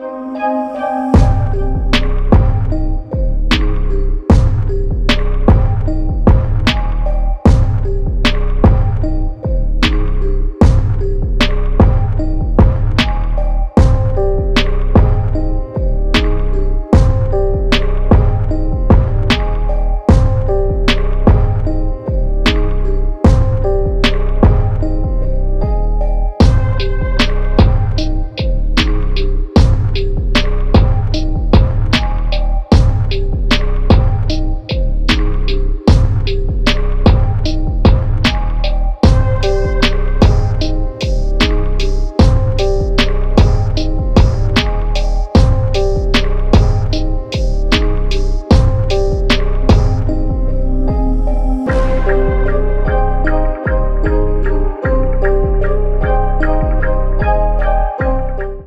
Música